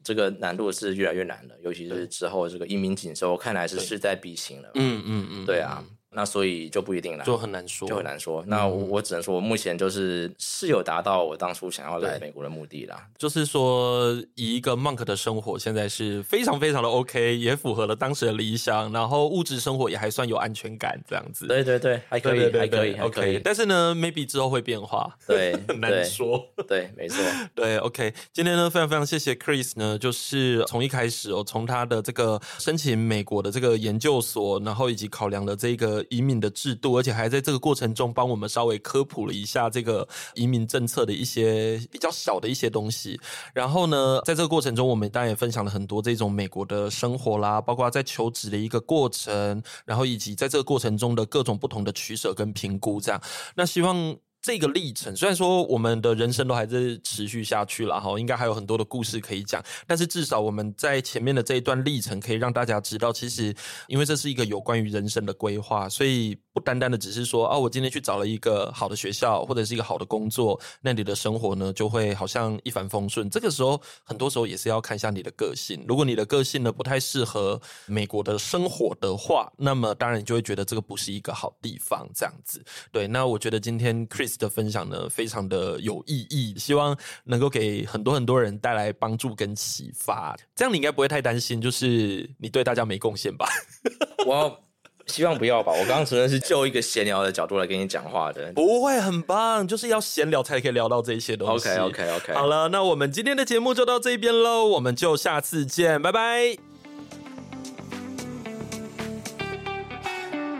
這個難度是越來越難的。尤其是之後這個移民緊縮，對看來是勢在必行的。嗯嗯嗯，對啊。嗯嗯嗯嗯那所以就不一定了，就很難說，就很難說。那我，嗯、我只能說，我目前就是是有達到我當初想要來美國的目的啦。就是說以一個 monk 的生活，現在是非常非常的 OK，也符合了當時的理想，然後物質生活也還算有安全感，這樣子。對對對，還可以，對對對，還可以。可以 OK，以但是呢，maybe 之後會變化，對，很 難說對對。對，沒錯。 對，OK，今天呢，非常非常謝謝 Chris 呢，就是從一開始哦，從他的這個申請美國的這個研究所，然後以及考量的這個。移民的制度，而且還在這個過程中幫我們稍微科普了一下這個移民政策的一些比較小的一些東西。然後呢，在這個過程中，我們當然也分享了很多這種美國的生活啦，包括在求職的一個過程，然後以及在這個過程中的各種不同的取捨跟評估。這樣，那希望。這個歷程雖然說我們的人生都還是持續下去了哈，應該還有很多的故事可以講，但是至少我們在前面的這一段歷程可以讓大家知道，其實因為這是一個有關於人生的規劃，所以不單單的只是說啊，我今天去找了一個好的學校或者是一個好的工作，那你的生活呢就會好像一帆風順。這個時候很多時候也是要看一下你的個性，如果你的個性呢不太適合美國的生活的話，那麼當然你就會覺得這個不是一個好地方這樣子。對，那我覺得今天 Chris。的分享呢，非常的有意義，希望能夠給很多很多人帶來幫助跟啟發。這樣你應該不會太擔心，就是你對大家沒貢獻吧？ 我要希望不要吧。我剛剛純粹是就一個閒聊的角度來跟你講話的，不會很棒，就是要閒聊才可以聊到這些東西。OK OK OK，好了，那我們今天的節目就到這邊嘍，我們就下次見，拜拜。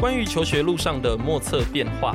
關於求學路上的莫測變化。